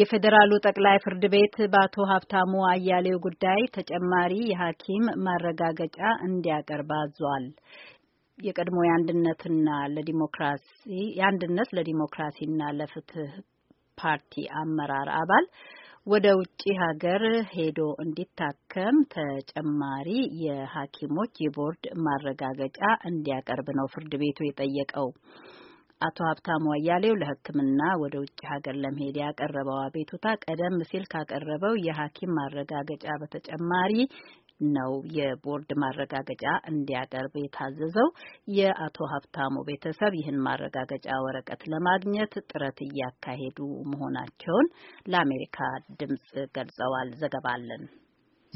የፌዴራሉ ጠቅላይ ፍርድ ቤት በአቶ ሀብታሙ አያሌው ጉዳይ ተጨማሪ የሐኪም ማረጋገጫ እንዲያቀርብ አዟል። የቀድሞ የአንድነትና ለዲሞክራሲ የአንድነት ለዲሞክራሲና ለፍትህ ፓርቲ አመራር አባል ወደ ውጭ ሀገር ሄዶ እንዲታከም ተጨማሪ የሐኪሞች የቦርድ ማረጋገጫ እንዲያቀርብ ነው ፍርድ ቤቱ የጠየቀው። አቶ ሀብታሙ አያሌው ለሕክምና ወደ ውጭ ሀገር ለመሄድ ያቀረበው አቤቱታ ቀደም ሲል ካቀረበው የሐኪም ማረጋገጫ በተጨማሪ ነው የቦርድ ማረጋገጫ እንዲያቀርብ የታዘዘው። የአቶ ሀብታሙ ቤተሰብ ይህን ማረጋገጫ ወረቀት ለማግኘት ጥረት እያካሄዱ መሆናቸውን ለአሜሪካ ድምጽ ገልጸዋል። ዘገባ አለን።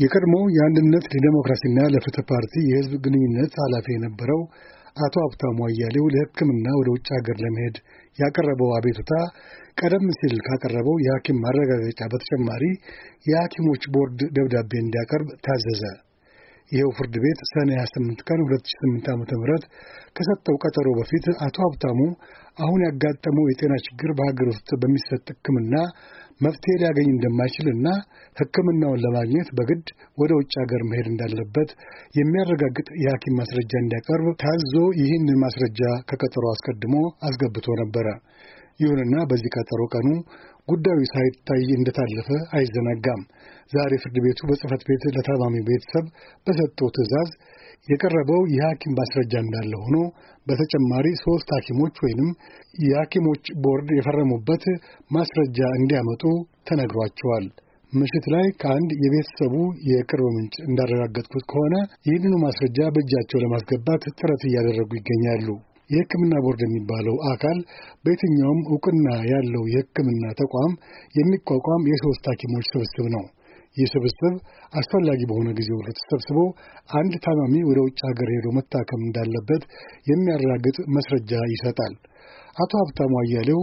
የቀድሞ የአንድነት ለዲሞክራሲና ለፍትህ ፓርቲ የህዝብ ግንኙነት ኃላፊ የነበረው አቶ ሀብታሙ አያሌው ለሕክምና ወደ ውጭ ሀገር ለመሄድ ያቀረበው አቤቱታ ቀደም ሲል ካቀረበው የሐኪም ማረጋገጫ በተጨማሪ የሐኪሞች ቦርድ ደብዳቤ እንዲያቀርብ ታዘዘ። ይኸው ፍርድ ቤት ሰኔ 28 ቀን 2008 ዓ ም ከሰጠው ቀጠሮ በፊት አቶ ሀብታሙ አሁን ያጋጠመው የጤና ችግር በሀገር ውስጥ በሚሰጥ ሕክምና መፍትሄ ሊያገኝ እና ሕክምናውን ለማግኘት በግድ ወደ ውጭ ሀገር መሄድ እንዳለበት የሚያረጋግጥ የሐኪም ማስረጃ እንዲያቀርብ ታዞ ይህንን ማስረጃ ከቀጠሮ አስቀድሞ አስገብቶ ነበረ። ይሁንና በዚህ ቀጠሮ ቀኑ ጉዳዩ ሳይታይ እንደታለፈ አይዘነጋም። ዛሬ ፍርድ ቤቱ በጽህፈት ቤት ለታማሚ ቤተሰብ በሰጠው ትዕዛዝ የቀረበው የሐኪም ማስረጃ እንዳለ ሆኖ በተጨማሪ ሶስት ሐኪሞች ወይንም የሐኪሞች ቦርድ የፈረሙበት ማስረጃ እንዲያመጡ ተነግሯቸዋል። ምሽት ላይ ከአንድ የቤተሰቡ የቅርብ ምንጭ እንዳረጋገጥኩት ከሆነ ይህንኑ ማስረጃ በእጃቸው ለማስገባት ጥረት እያደረጉ ይገኛሉ። የሕክምና ቦርድ የሚባለው አካል በየትኛውም እውቅና ያለው የሕክምና ተቋም የሚቋቋም የሶስት ሐኪሞች ስብስብ ነው። ይህ ስብስብ አስፈላጊ በሆነ ጊዜ ሁሉ ተሰብስቦ አንድ ታማሚ ወደ ውጭ ሀገር ሄዶ መታከም እንዳለበት የሚያረጋግጥ መስረጃ ይሰጣል። አቶ ሀብታሙ አያሌው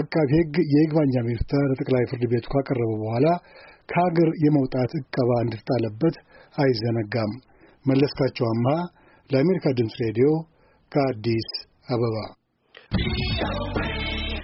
አቃቢ ሕግ የይግባኝ አቤቱታ ለጠቅላይ ፍርድ ቤቱ ካቀረበ በኋላ ከሀገር የመውጣት እቀባ እንድትጣለበት አይዘነጋም። መለስካቸው አምሃ ለአሜሪካ ድምፅ ሬዲዮ ከአዲስ አበባ